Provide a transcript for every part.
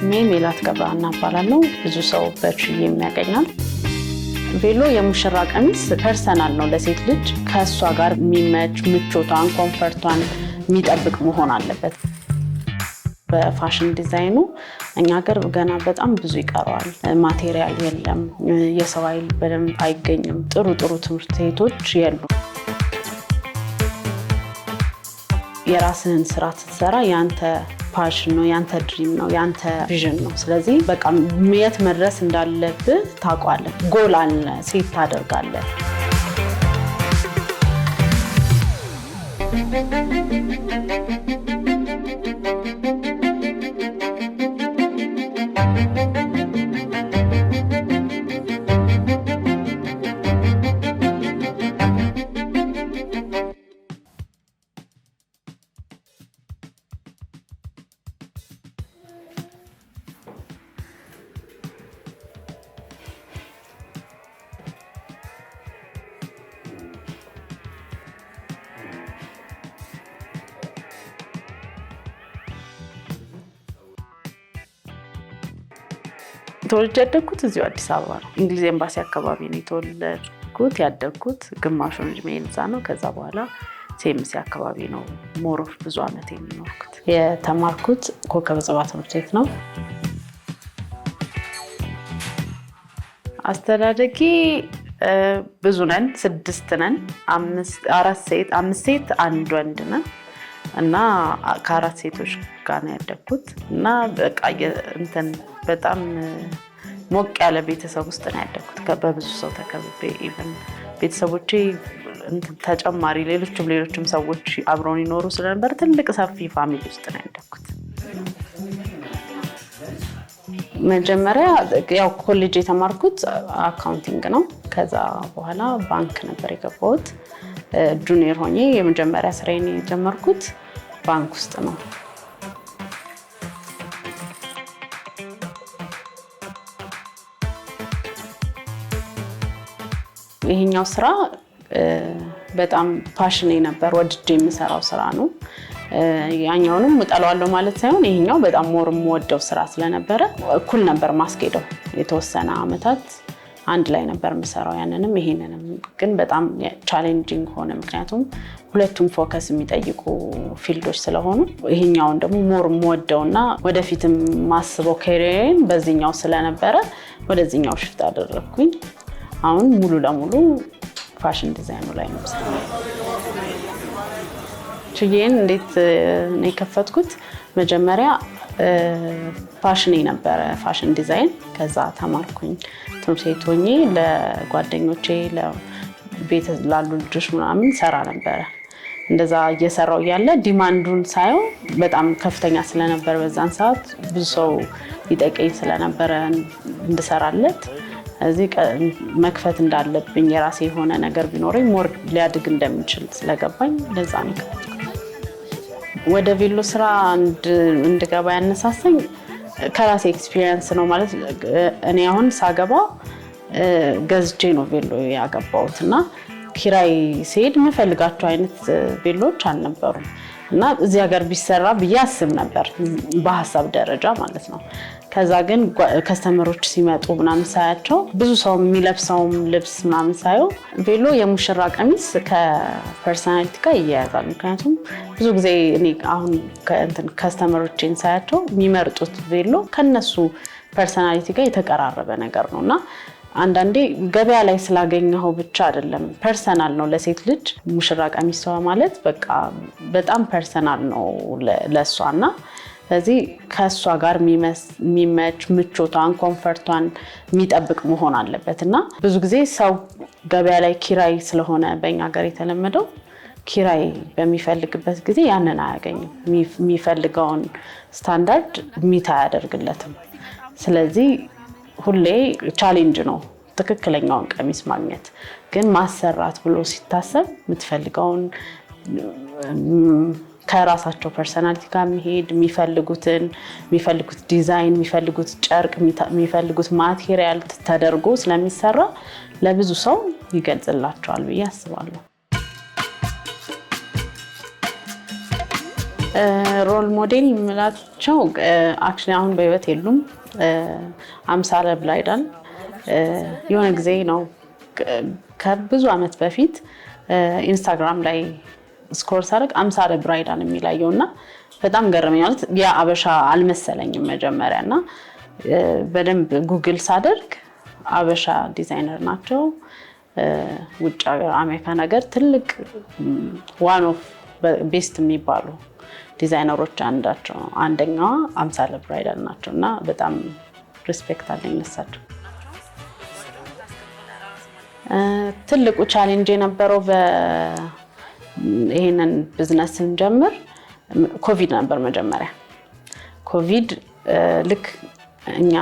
ስሜ ሜላት ገብረሃና እባላለሁ። ብዙ ሰው በችዬ የሚያገኛል። ቬሎ የሙሽራ ቀሚስ ፐርሰናል ነው ለሴት ልጅ ከእሷ ጋር የሚመች ምቾቷን፣ ኮንፈርቷን የሚጠብቅ መሆን አለበት። በፋሽን ዲዛይኑ እኛ ሀገር ገና በጣም ብዙ ይቀረዋል። ማቴሪያል የለም፣ የሰው ኃይል በደንብ አይገኝም፣ ጥሩ ጥሩ ትምህርት ቤቶች የሉ። የራስህን ስራ ስትሰራ ያንተ ፓሽን ነው፣ ያንተ ድሪም ነው፣ ያንተ ቪዥን ነው። ስለዚህ በቃ የት መድረስ እንዳለብህ ታቋለ ጎል አለ ሴት ታደርጋለህ። Thank you. ተወልጄ ያደግኩት እዚሁ አዲስ አበባ ነው። እንግሊዝ ኤምባሲ አካባቢ ነው የተወለድኩት ያደግኩት። ግማሹን እድሜ እዛ ነው። ከዛ በኋላ ሴምሲ አካባቢ ነው ሞሮፍ ብዙ ዓመት የሚኖርኩት። የተማርኩት ኮከበ ጽባ ትምህርት ቤት ነው። አስተዳደጌ ብዙ ነን፣ ስድስት ነን፣ አምስት ሴት አንድ ወንድ ነን። እና ከአራት ሴቶች ጋር ነው ያደግኩት እና በቃ እንትን በጣም ሞቅ ያለ ቤተሰብ ውስጥ ነው ያደግኩት። በብዙ ሰው ተከብቤ ኢቨን ቤተሰቦቼ ተጨማሪ ሌሎችም ሌሎችም ሰዎች አብረውን ይኖሩ ስለነበር ትልቅ ሰፊ ፋሚሊ ውስጥ ነው ያደግኩት። መጀመሪያ ያው ኮሌጅ የተማርኩት አካውንቲንግ ነው። ከዛ በኋላ ባንክ ነበር የገባሁት። ጁኒየር ሆኜ የመጀመሪያ ስራዬን የጀመርኩት ባንክ ውስጥ ነው። ይሄኛው ስራ በጣም ፓሽን ነበር፣ ወድጄ የምሰራው ስራ ነው። ያኛውንም እጠለዋለሁ ማለት ሳይሆን ይሄኛው በጣም ሞር የምወደው ስራ ስለነበረ እኩል ነበር ማስኬደው የተወሰነ አመታት አንድ ላይ ነበር የምሰራው ያንንም ይሄንንም። ግን በጣም ቻሌንጂንግ ሆነ፣ ምክንያቱም ሁለቱም ፎከስ የሚጠይቁ ፊልዶች ስለሆኑ ይሄኛውን ደግሞ ሞር የምወደውና ወደፊትም ማስበው ከሪን በዚህኛው ስለነበረ ወደዚኛው ሽፍት አደረግኩኝ። አሁን ሙሉ ለሙሉ ፋሽን ዲዛይኑ ላይ ነው ችዬን እንዴት ነው የከፈትኩት መጀመሪያ ፋሽን የነበረ ፋሽን ዲዛይን ከዛ ተማርኩኝ። ትምህርት ቤት ሆኜ ለጓደኞቼ ቤት ላሉ ልጆች ምናምን ሰራ ነበረ። እንደዛ እየሰራው እያለ ዲማንዱን ሳየው በጣም ከፍተኛ ስለነበረ በዛን ሰዓት ብዙ ሰው ይጠቀኝ ስለነበረ እንድሰራለት እዚህ መክፈት እንዳለብኝ የራሴ የሆነ ነገር ቢኖረኝ ሞር ሊያድግ እንደሚችል ስለገባኝ ለዛ ነው። ወደ ቬሎ ስራ እንድገባ ያነሳሳኝ ከራሴ ኤክስፒሪየንስ ነው። ማለት እኔ አሁን ሳገባ ገዝቼ ነው ቬሎ ያገባሁት እና ኪራይ ሲሄድ የምፈልጋቸው አይነት ቬሎዎች አልነበሩም እና እዚህ ሀገር ቢሰራ ብዬ አስብ ነበር በሀሳብ ደረጃ ማለት ነው። ከዛ ግን ከስተመሮች ሲመጡ ምናምን ሳያቸው ብዙ ሰው የሚለብሰውም ልብስ ምናምን ሳየው ቬሎ የሙሽራ ቀሚስ ከፐርሶናሊቲ ጋር ይያያዛል። ምክንያቱም ብዙ ጊዜ እኔ አሁን ከስተመሮችን ሳያቸው የሚመርጡት ቬሎ ከነሱ ፐርሶናሊቲ ጋር የተቀራረበ ነገር ነው እና አንዳንዴ ገበያ ላይ ስላገኘኸው ብቻ አይደለም፣ ፐርሰናል ነው። ለሴት ልጅ ሙሽራ ቀሚሷ ማለት በቃ በጣም ፐርሰናል ነው ለእሷ እና ስለዚህ ከእሷ ጋር የሚመች ምቾቷን፣ ኮንፈርቷን የሚጠብቅ መሆን አለበት እና ብዙ ጊዜ ሰው ገበያ ላይ ኪራይ ስለሆነ በኛ ሀገር የተለመደው ኪራይ በሚፈልግበት ጊዜ ያንን አያገኝም። የሚፈልገውን ስታንዳርድ ሚት አያደርግለትም። ስለዚህ ሁሌ ቻሌንጅ ነው ትክክለኛውን ቀሚስ ማግኘት። ግን ማሰራት ብሎ ሲታሰብ የምትፈልገውን ከራሳቸው ፐርሰናሊቲ ጋር የሚሄድ የሚፈልጉትን የሚፈልጉት ዲዛይን የሚፈልጉት ጨርቅ የሚፈልጉት ማቴሪያል ተደርጎ ስለሚሰራ ለብዙ ሰው ይገልጽላቸዋል ብዬ አስባለሁ። ሮል ሞዴል የምላቸው አክቹዋሊ አሁን በህይወት የሉም። አምሳለ ብላይዳል የሆነ ጊዜ ነው ከብዙ አመት በፊት ኢንስታግራም ላይ ስኮር ሳደርግ አምሳረ ብራይዳን የሚለየው እና በጣም ገረመኝ። ማለት ያ አበሻ አልመሰለኝም መጀመሪያ እና በደንብ ጉግል ሳደርግ አበሻ ዲዛይነር ናቸው። ውጭ ሀገር አሜሪካ ነገር ትልቅ ዋን ኦፍ ቤስት የሚባሉ ዲዛይነሮች አንዳቸው አንደኛዋ አምሳለ ብራይዳል ናቸው እና በጣም ሪስፔክት አለኝ ለሳቸው። ትልቁ ቻሌንጅ የነበረው ይሄንን ብዝነስ ስንጀምር ኮቪድ ነበር መጀመሪያ። ኮቪድ ልክ እኛ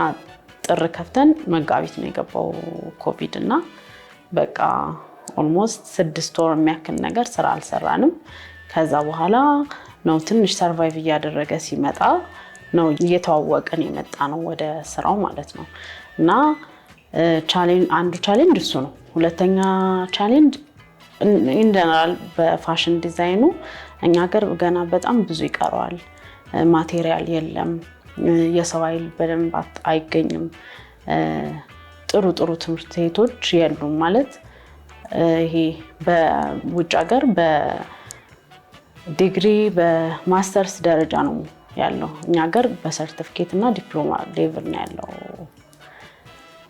ጥር ከፍተን መጋቢት ነው የገባው ኮቪድ እና በቃ ኦልሞስት ስድስት ወር የሚያክል ነገር ስራ አልሰራንም። ከዛ በኋላ ነው ትንሽ ሰርቫይቭ እያደረገ ሲመጣ ነው እየተዋወቅን የመጣ ነው ወደ ስራው ማለት ነው። እና አንዱ ቻሌንጅ እሱ ነው። ሁለተኛ ቻሌንጅ ኢንጀነራል በፋሽን ዲዛይኑ እኛ ሀገር ገና በጣም ብዙ ይቀረዋል። ማቴሪያል የለም፣ የሰው ኃይል በደንብ አይገኝም፣ ጥሩ ጥሩ ትምህርት ቤቶች የሉም። ማለት ይሄ በውጭ ሀገር በዲግሪ በማስተርስ ደረጃ ነው ያለው። እኛ ሀገር በሰርቲፊኬት እና ዲፕሎማ ሌቭል ነው ያለው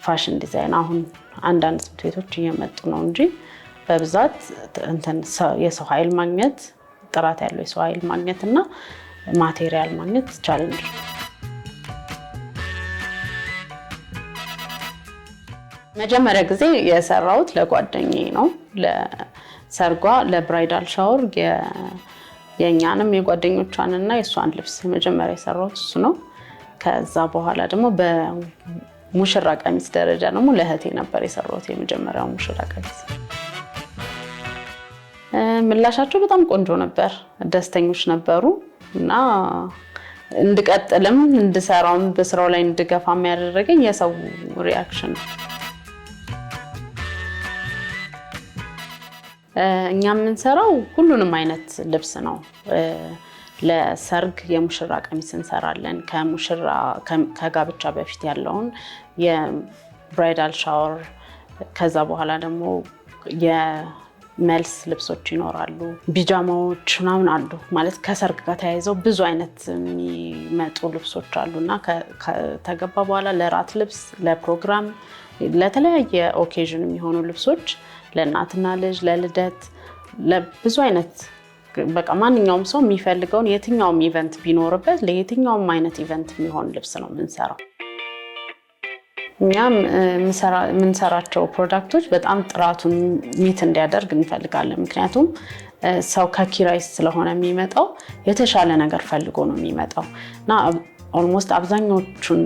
ፋሽን ዲዛይን። አሁን አንዳንድ ትምህርት ቤቶች እየመጡ ነው እንጂ በብዛት የሰው ኃይል ማግኘት ጥራት ያለው የሰው ኃይል ማግኘት እና ማቴሪያል ማግኘት ቻለንጅ መጀመሪያ ጊዜ የሰራሁት ለጓደኛዬ ነው። ለሰርጓ ለብራይዳል ሻወር የእኛንም ና የእሷን ልብስ መጀመሪያ የሰራሁት እሱ ነው። ከዛ በኋላ ደግሞ በሙሽራ ቀሚስ ደረጃ ደግሞ ለእህቴ ነበር የሰራሁት የመጀመሪያው ሙሽራ ቀሚስ። ምላሻቸው በጣም ቆንጆ ነበር። ደስተኞች ነበሩ እና እንድቀጥልም እንድሰራም በስራው ላይ እንድገፋ የሚያደረገኝ የሰው ሪያክሽን ነው። እኛ የምንሰራው ሁሉንም አይነት ልብስ ነው። ለሰርግ የሙሽራ ቀሚስ እንሰራለን። ከሙሽራ ከጋብቻ በፊት ያለውን የብራይዳል ሻወር ከዛ በኋላ ደግሞ መልስ ልብሶች ይኖራሉ፣ ቢጃማዎች ምናምን አሉ። ማለት ከሰርግ ጋር ተያይዘው ብዙ አይነት የሚመጡ ልብሶች አሉ እና ከተገባ በኋላ ለራት ልብስ፣ ለፕሮግራም፣ ለተለያየ ኦኬዥን የሚሆኑ ልብሶች ለእናትና ልጅ፣ ለልደት፣ ለብዙ አይነት በቃ ማንኛውም ሰው የሚፈልገውን የትኛውም ኢቨንት ቢኖርበት ለየትኛውም አይነት ኢቨንት የሚሆን ልብስ ነው የምንሰራው። እኛም የምንሰራቸው ፕሮዳክቶች በጣም ጥራቱን ሚት እንዲያደርግ እንፈልጋለን። ምክንያቱም ሰው ከኪራይ ስለሆነ የሚመጣው የተሻለ ነገር ፈልጎ ነው የሚመጣው እና ኦልሞስት አብዛኞቹን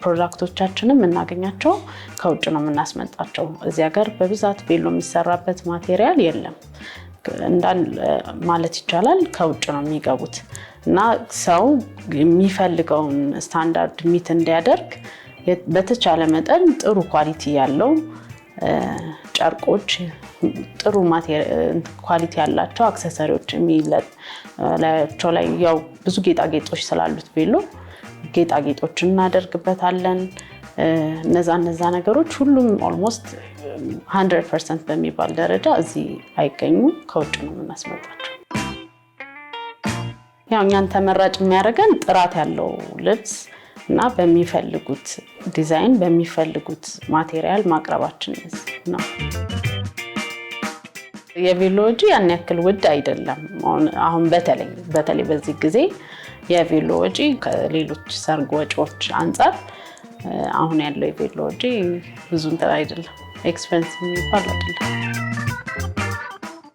ፕሮዳክቶቻችንም የምናገኛቸው ከውጭ ነው የምናስመጣቸው። እዚህ ሀገር በብዛት ቤሎ የሚሰራበት ማቴሪያል የለም እንዳል ማለት ይቻላል ከውጭ ነው የሚገቡት እና ሰው የሚፈልገውን ስታንዳርድ ሚት እንዲያደርግ በተቻለ መጠን ጥሩ ኳሊቲ ያለው ጨርቆች፣ ጥሩ ኳሊቲ ያላቸው አክሰሰሪዎች ላያቸው ላይ ያው ብዙ ጌጣጌጦች ስላሉት ቤሎ ጌጣጌጦች እናደርግበታለን። እነዛ እነዛ ነገሮች ሁሉም ኦልሞስት 100 ፐርሰንት በሚባል ደረጃ እዚህ አይገኙም፣ ከውጭ ነው የምናስመጣቸው። ያው እኛን ተመራጭ የሚያደርገን ጥራት ያለው ልብስ እና በሚፈልጉት ዲዛይን በሚፈልጉት ማቴሪያል ማቅረባችን ነው። የቬሎሎጂ ያን ያክል ውድ አይደለም። አሁን በተለይ በተለይ በዚህ ጊዜ የቬሎሎጂ ከሌሎች ሰርግ ወጪዎች አንጻር አሁን ያለው የቬሎሎጂ ብዙ እንትን አይደለም፣ ኤክስፐንስ የሚባል አይደለም።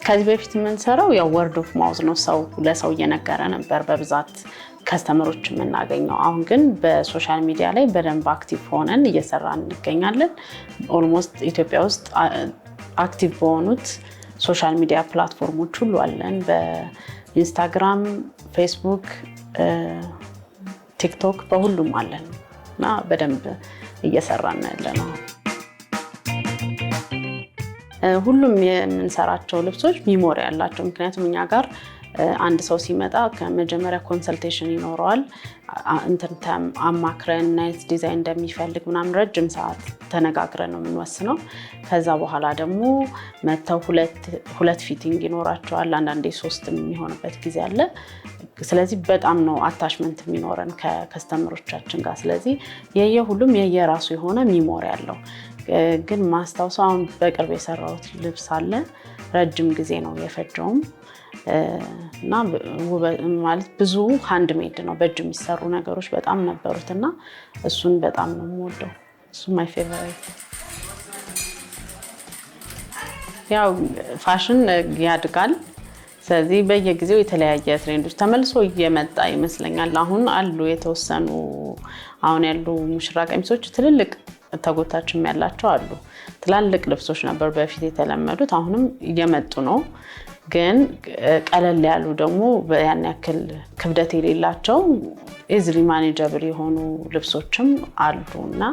ከዚህ በፊት የምንሰራው ያው ወርድ ኦፍ ማውዝ ነው። ሰው ለሰው እየነገረ ነበር በብዛት ከስተመሮች የምናገኘው። አሁን ግን በሶሻል ሚዲያ ላይ በደንብ አክቲቭ ሆነን እየሰራን እንገኛለን። ኦልሞስት ኢትዮጵያ ውስጥ አክቲቭ በሆኑት ሶሻል ሚዲያ ፕላትፎርሞች ሁሉ አለን። በኢንስታግራም፣ ፌስቡክ፣ ቲክቶክ በሁሉም አለን እና በደንብ እየሰራን ያለ ነው። ሁሉም የምንሰራቸው ልብሶች ሚሞሪ ያላቸው ምክንያቱም እኛ ጋር አንድ ሰው ሲመጣ ከመጀመሪያ ኮንሰልቴሽን ይኖረዋል። እንትንተም አማክረን ናይት ዲዛይን እንደሚፈልግ ምናምን ረጅም ሰዓት ተነጋግረን ነው የምንወስነው። ከዛ በኋላ ደግሞ መጥተው ሁለት ፊቲንግ ይኖራቸዋል። አንዳንዴ ሶስት የሚሆንበት ጊዜ አለ። ስለዚህ በጣም ነው አታችመንት የሚኖረን ከከስተመሮቻችን ጋር። ስለዚህ የየሁሉም የየራሱ የሆነ ሚሞሪ አለው። ግን ማስታውሰው አሁን በቅርብ የሰራሁት ልብስ አለ። ረጅም ጊዜ ነው የፈጀውም እና ማለት ብዙ ሀንድ ሜድ ነው በእጅ የሚሰሩ ነገሮች በጣም ነበሩት እና እሱን በጣም ነው የምወደው። እሱ ማይ ፌቨራይት። ያው ፋሽን ያድጋል። ስለዚህ በየጊዜው የተለያየ ትሬንዶች ተመልሶ እየመጣ ይመስለኛል። አሁን አሉ የተወሰኑ አሁን ያሉ ሙሽራ ቀሚሶች ትልልቅ ተጎታችም ያላቸው አሉ። ትላልቅ ልብሶች ነበሩ በፊት የተለመዱት፣ አሁንም እየመጡ ነው። ግን ቀለል ያሉ ደግሞ ያን ያክል ክብደት የሌላቸው ኢዝሊ ማኔጀብል የሆኑ ልብሶችም አሉ እና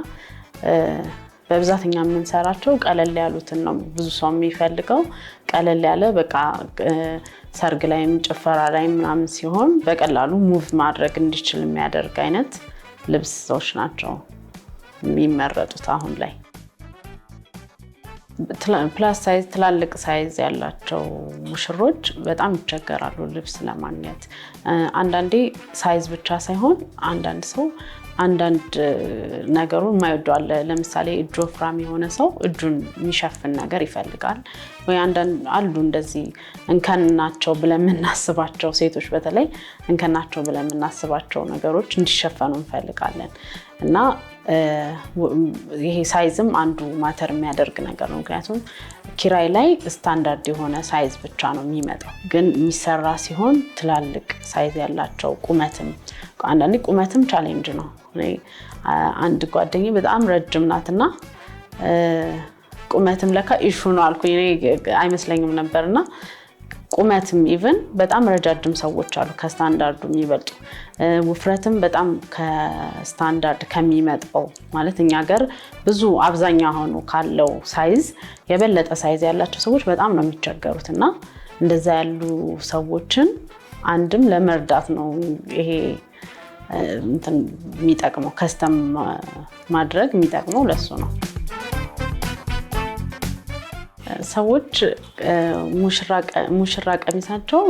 በብዛት እኛ የምንሰራቸው ቀለል ያሉትን ነው። ብዙ ሰው የሚፈልገው ቀለል ያለ በቃ ሰርግ ላይም ጭፈራ ላይም ምናምን ሲሆን በቀላሉ ሙቭ ማድረግ እንዲችል የሚያደርግ አይነት ልብሶች ናቸው የሚመረጡት አሁን ላይ። ፕላስ ሳይዝ ትላልቅ ሳይዝ ያላቸው ሙሽሮች በጣም ይቸገራሉ ልብስ ለማግኘት። አንዳንዴ ሳይዝ ብቻ ሳይሆን አንዳንድ ሰው አንዳንድ ነገሩን የማይወደው ለምሳሌ እጁ ወፍራም የሆነ ሰው እጁን የሚሸፍን ነገር ይፈልጋል። ወይ አንዳንድ አሉ እንደዚህ እንከናቸው ብለን የምናስባቸው ሴቶች በተለይ እንከናቸው ብለን የምናስባቸው ነገሮች እንዲሸፈኑ እንፈልጋለን እና ይሄ ሳይዝም አንዱ ማተር የሚያደርግ ነገር ነው። ምክንያቱም ኪራይ ላይ ስታንዳርድ የሆነ ሳይዝ ብቻ ነው የሚመጣው። ግን የሚሰራ ሲሆን ትላልቅ ሳይዝ ያላቸው ቁመትም አንዳንዴ ቁመትም ቻሌንጅ ነው። አንድ ጓደኛ በጣም ረጅም ናትና ቁመትም ለካ ኢሹ ነው አልኩኝ። አይመስለኝም ነበርና ቁመትም ኢቭን በጣም ረጃጅም ሰዎች አሉ ከስታንዳርዱ የሚበልጡ። ውፍረትም በጣም ከስታንዳርድ ከሚመጣው ማለት እኛ ሀገር ብዙ አብዛኛ ሆኑ ካለው ሳይዝ የበለጠ ሳይዝ ያላቸው ሰዎች በጣም ነው የሚቸገሩት እና እንደዛ ያሉ ሰዎችን አንድም ለመርዳት ነው ይሄ የሚጠቅመው ከስተም ማድረግ የሚጠቅመው ለሱ ነው። ሰዎች ሙሽራ ቀሚሳቸው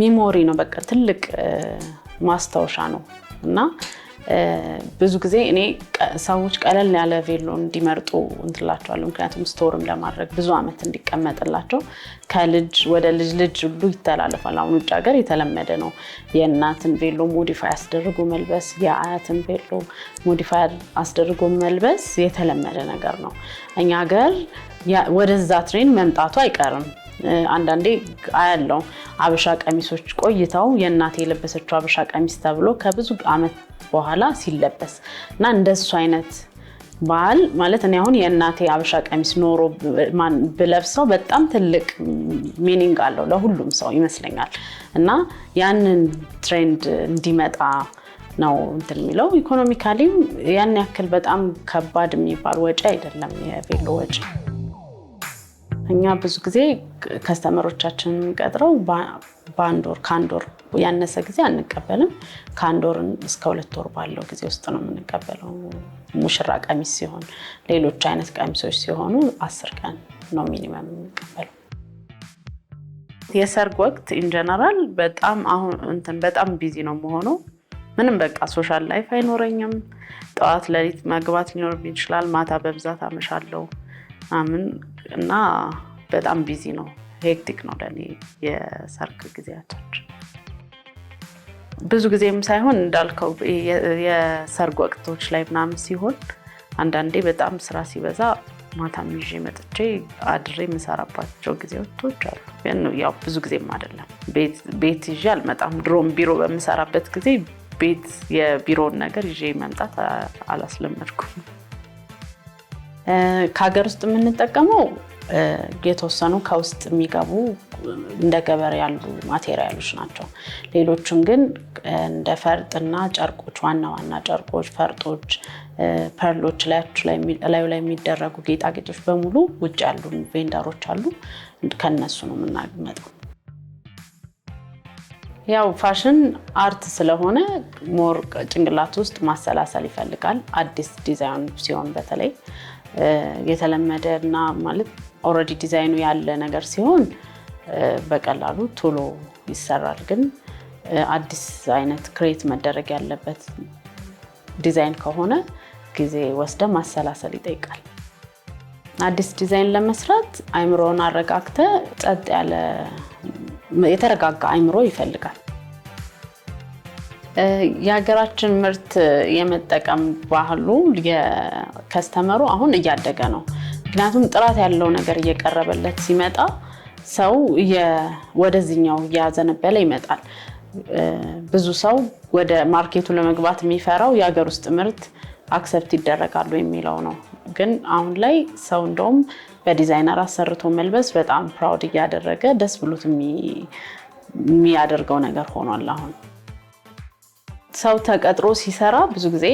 ሚሞሪ ነው፣ በቃ ትልቅ ማስታወሻ ነው እና ብዙ ጊዜ እኔ ሰዎች ቀለል ያለ ቬሎ እንዲመርጡ እንትላቸዋለሁ። ምክንያቱም ስቶርም ለማድረግ ብዙ ዓመት እንዲቀመጥላቸው ከልጅ ወደ ልጅ ልጅ ሁሉ ይተላለፋል። አሁን ውጭ ሀገር የተለመደ ነው የእናትን ቬሎ ሞዲፋይ አስደርጎ መልበስ፣ የአያትን ቬሎ ሞዲፋይ አስደርጎ መልበስ የተለመደ ነገር ነው። እኛ ሀገር ወደዛ ትሬን መምጣቱ አይቀርም። አንዳንዴ አያለው አበሻ ቀሚሶች ቆይተው የእናቴ የለበሰችው አበሻ ቀሚስ ተብሎ ከብዙ ዓመት በኋላ ሲለበስ እና እንደሱ አይነት በዓል ማለት እኔ አሁን የእናቴ አበሻ ቀሚስ ኖሮ ብለብሰው በጣም ትልቅ ሚኒንግ አለው ለሁሉም ሰው ይመስለኛል። እና ያንን ትሬንድ እንዲመጣ ነው እንትን የሚለው ኢኮኖሚካሊም ያን ያክል በጣም ከባድ የሚባል ወጪ አይደለም የቬሎ ወጪ። እኛ ብዙ ጊዜ ከስተመሮቻችን ቀጥረው በአንድ ወር ከአንድ ወር ያነሰ ጊዜ አንቀበልም። ከአንድ ወር እስከ ሁለት ወር ባለው ጊዜ ውስጥ ነው የምንቀበለው። ሙሽራ ቀሚስ ሲሆን፣ ሌሎች አይነት ቀሚሶች ሲሆኑ አስር ቀን ነው ሚኒመም የምንቀበለው። የሰርግ ወቅት ኢንጀነራል በጣም አሁን እንትን በጣም ቢዚ ነው መሆነው ምንም በቃ ሶሻል ላይፍ አይኖረኝም። ጠዋት ለሊት መግባት ሊኖርብኝ ይችላል። ማታ በብዛት አመሻለው። ምናምን እና በጣም ቢዚ ነው። ሄክቲክ ነው ለእኔ የሰርግ ጊዜያቶች። ብዙ ጊዜም ሳይሆን እንዳልከው የሰርግ ወቅቶች ላይ ምናምን ሲሆን አንዳንዴ በጣም ስራ ሲበዛ ማታም ይዤ መጥቼ አድሬ የምሰራባቸው ጊዜዎች አሉ። ያው ብዙ ጊዜም አይደለም ቤት ይዤ አልመጣም። ድሮም ቢሮ በምሰራበት ጊዜ ቤት የቢሮውን ነገር ይዤ መምጣት አላስለመድኩም። ከሀገር ውስጥ የምንጠቀመው የተወሰኑ ከውስጥ የሚገቡ እንደ ገበር ያሉ ማቴሪያሎች ናቸው። ሌሎቹም ግን እንደ ፈርጥና ጨርቆች፣ ዋና ዋና ጨርቆች፣ ፈርጦች፣ ፐርሎች፣ ላዩ ላይ የሚደረጉ ጌጣጌጦች በሙሉ ውጭ ያሉ ቬንደሮች አሉ። ከነሱ ነው የምናመጣው። ያው ፋሽን አርት ስለሆነ ሞር ጭንቅላት ውስጥ ማሰላሰል ይፈልጋል። አዲስ ዲዛይን ሲሆን በተለይ የተለመደ እና ማለት ኦልሬዲ ዲዛይኑ ያለ ነገር ሲሆን በቀላሉ ቶሎ ይሰራል። ግን አዲስ አይነት ክሬት መደረግ ያለበት ዲዛይን ከሆነ ጊዜ ወስደ ማሰላሰል ይጠይቃል። አዲስ ዲዛይን ለመስራት አይምሮን አረጋግተ ጸጥ ያለ የተረጋጋ አይምሮ ይፈልጋል። የሀገራችን ምርት የመጠቀም ባህሉ ከስተመሩ አሁን እያደገ ነው። ምክንያቱም ጥራት ያለው ነገር እየቀረበለት ሲመጣ ሰው ወደዚህኛው እያዘነበለ ይመጣል። ብዙ ሰው ወደ ማርኬቱ ለመግባት የሚፈራው የሀገር ውስጥ ምርት አክሰፕት ይደረጋሉ የሚለው ነው። ግን አሁን ላይ ሰው እንደውም በዲዛይነር አሰርቶ መልበስ በጣም ፕራውድ እያደረገ ደስ ብሎት የሚያደርገው ነገር ሆኗል አሁን ሰው ተቀጥሮ ሲሰራ ብዙ ጊዜ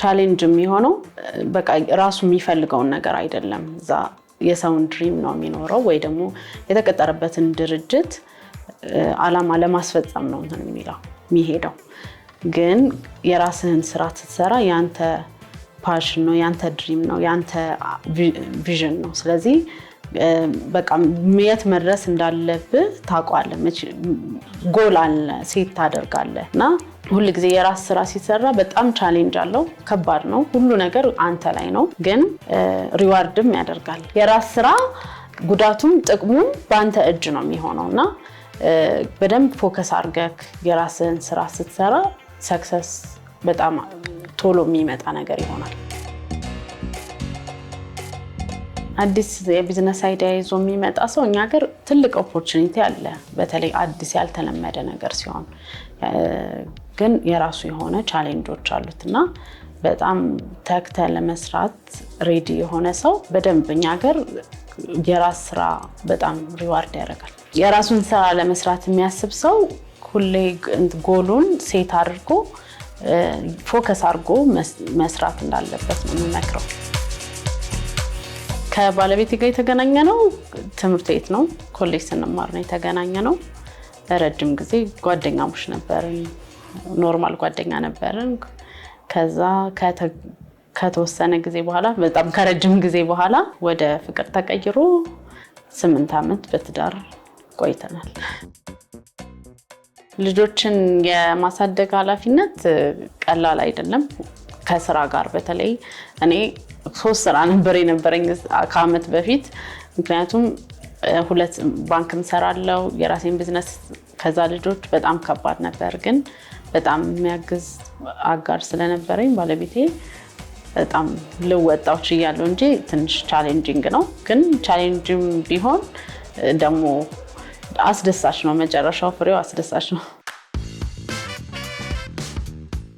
ቻሌንጅ የሚሆነው በቃ ራሱ የሚፈልገውን ነገር አይደለም። እዛ የሰውን ድሪም ነው የሚኖረው ወይ ደግሞ የተቀጠረበትን ድርጅት አላማ ለማስፈጸም ነው እንትን የሚለው የሚሄደው። ግን የራስህን ስራ ስትሰራ ያንተ ፓሽን ነው፣ ያንተ ድሪም ነው፣ ያንተ ቪዥን ነው። ስለዚህ በቃ የት መድረስ እንዳለብህ ታቋለ ጎል አለ ሴት ታደርጋለህ እና ሁል ጊዜ የራስ ስራ ሲሰራ በጣም ቻሌንጅ አለው። ከባድ ነው። ሁሉ ነገር አንተ ላይ ነው፣ ግን ሪዋርድም ያደርጋል። የራስ ስራ ጉዳቱም ጥቅሙም በአንተ እጅ ነው የሚሆነው እና በደንብ ፎከስ አድርገህ የራስህን ስራ ስትሰራ ሰክሰስ በጣም ቶሎ የሚመጣ ነገር ይሆናል። አዲስ የቢዝነስ አይዲያ ይዞ የሚመጣ ሰው እኛ ሀገር ትልቅ ኦፖርቹኒቲ አለ። በተለይ አዲስ ያልተለመደ ነገር ሲሆን ግን የራሱ የሆነ ቻሌንጆች አሉት እና በጣም ተክተ ለመስራት ሬዲ የሆነ ሰው በደንብ እኛ ሀገር የራስ ስራ በጣም ሪዋርድ ያደርጋል። የራሱን ስራ ለመስራት የሚያስብ ሰው ሁሌ ጎሉን ሴት አድርጎ ፎከስ አድርጎ መስራት እንዳለበት ነው የሚመክረው። ከባለቤት ጋር የተገናኘ ነው። ትምህርት ቤት ነው ኮሌጅ ስንማር ነው የተገናኘ ነው። ረጅም ጊዜ ጓደኛሞች ነበርን። ኖርማል ጓደኛ ነበርን። ከዛ ከተወሰነ ጊዜ በኋላ በጣም ከረጅም ጊዜ በኋላ ወደ ፍቅር ተቀይሮ ስምንት ዓመት በትዳር ቆይተናል። ልጆችን የማሳደግ ኃላፊነት ቀላል አይደለም። ከስራ ጋር በተለይ እኔ ሶስት ስራ ነበር የነበረኝ ከአመት በፊት ምክንያቱም ሁለት ባንክ ምሰራለው የራሴን ቢዝነስ ከዛ ልጆች በጣም ከባድ ነበር። ግን በጣም የሚያግዝ አጋር ስለነበረኝ ባለቤቴ በጣም ልወጣው ችያለሁ እንጂ ትንሽ ቻሌንጂንግ ነው። ግን ቻሌንጅም ቢሆን ደግሞ አስደሳች ነው። መጨረሻው ፍሬው አስደሳች ነው።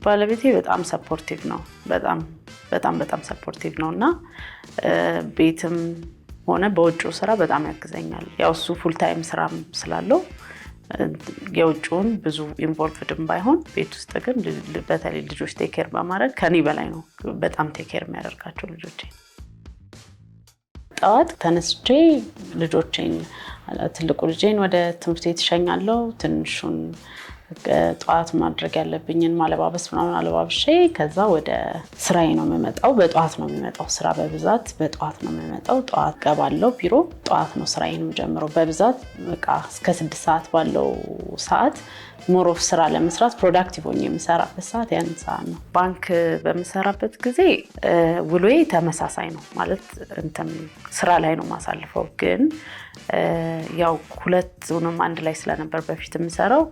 ባለቤቴ በጣም ሰፖርቲቭ ነው በጣም በጣም በጣም ሰፖርቲቭ ነው እና ቤትም ሆነ በውጭው ስራ በጣም ያግዘኛል። ያው እሱ ፉልታይም ስራም ስላለው የውጭውን ብዙ ኢንቮልቭድም ባይሆን ቤት ውስጥ ግን በተለይ ልጆች ቴኬር በማድረግ ከኔ በላይ ነው በጣም ቴኬር የሚያደርጋቸው ልጆቼ። ጠዋት ተነስቼ ልጆቼን ትልቁ ልጄን ወደ ትምህርት ቤት እሸኛለሁ። ትንሹን ጠዋት ማድረግ ያለብኝን ማለባበስ ምናምን አለባብሼ ከዛ ወደ ስራዬ ነው የምመጣው። በጠዋት ነው የሚመጣው ስራ በብዛት በጠዋት ነው የሚመጣው። ጠዋት ገባለው ቢሮ ጠዋት ነው ነው ጀምረው በብዛት በቃ እስከ ስድስት ሰዓት ባለው ሰዓት ሞሮፍ ስራ ለመስራት ፕሮዳክቲቭ ሆኜ የምሰራበት ሰዓት ያን ሰዓት ነው። ባንክ በምሰራበት ጊዜ ውሎዬ ተመሳሳይ ነው ማለት እንትን ስራ ላይ ነው ማሳልፈው ግን ያው ሁለቱንም አንድ ላይ ስለነበር በፊት የምሰራው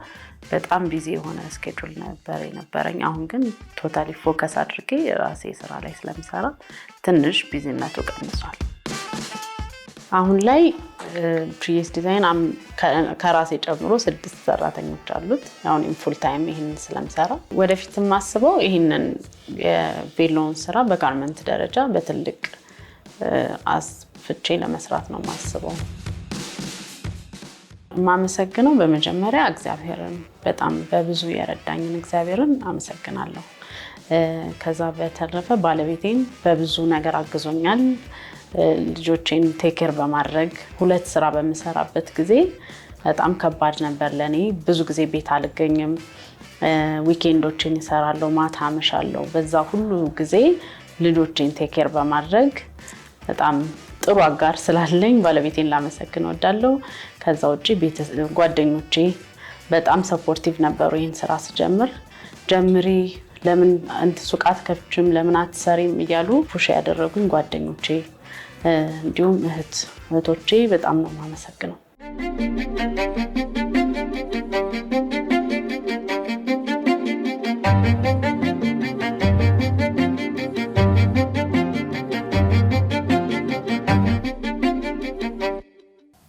በጣም ቢዚ የሆነ እስኬጁል ነበር የነበረኝ። አሁን ግን ቶታሊ ፎከስ አድርጌ ራሴ ስራ ላይ ስለምሰራ ትንሽ ቢዚነቱ ቀንሷል። አሁን ላይ ፕሪስ ዲዛይን ከራሴ ጨምሮ ስድስት ሰራተኞች አሉት። አሁን ፉል ታይም ይህን ስለምሰራ ወደፊት የማስበው ይህንን የቬሎውን ስራ በጋርመንት ደረጃ በትልቅ አስፍቼ ለመስራት ነው የማስበው። የማመሰግነው በመጀመሪያ እግዚአብሔርን በጣም በብዙ የረዳኝን እግዚአብሔርን አመሰግናለሁ። ከዛ በተረፈ ባለቤቴን በብዙ ነገር አግዞኛል። ልጆቼን ቴክር በማድረግ ሁለት ስራ በምሰራበት ጊዜ በጣም ከባድ ነበር ለእኔ። ብዙ ጊዜ ቤት አልገኝም። ዊኬንዶችን ይሰራለሁ፣ ማታ አመሻለሁ። በዛ ሁሉ ጊዜ ልጆቼን ቴክር በማድረግ በጣም ጥሩ አጋር ስላለኝ ባለቤቴን ላመሰግን ወዳለው። ከዛ ውጭ ጓደኞቼ በጣም ሰፖርቲቭ ነበሩ። ይህን ስራ ስጀምር ጀምሪ ለምን ሱቅ አትከፍችም ለምን አትሰሪም እያሉ ፉሻ ያደረጉኝ ጓደኞቼ እንዲሁም እህት እህቶቼ በጣም ነው የማመሰግነው።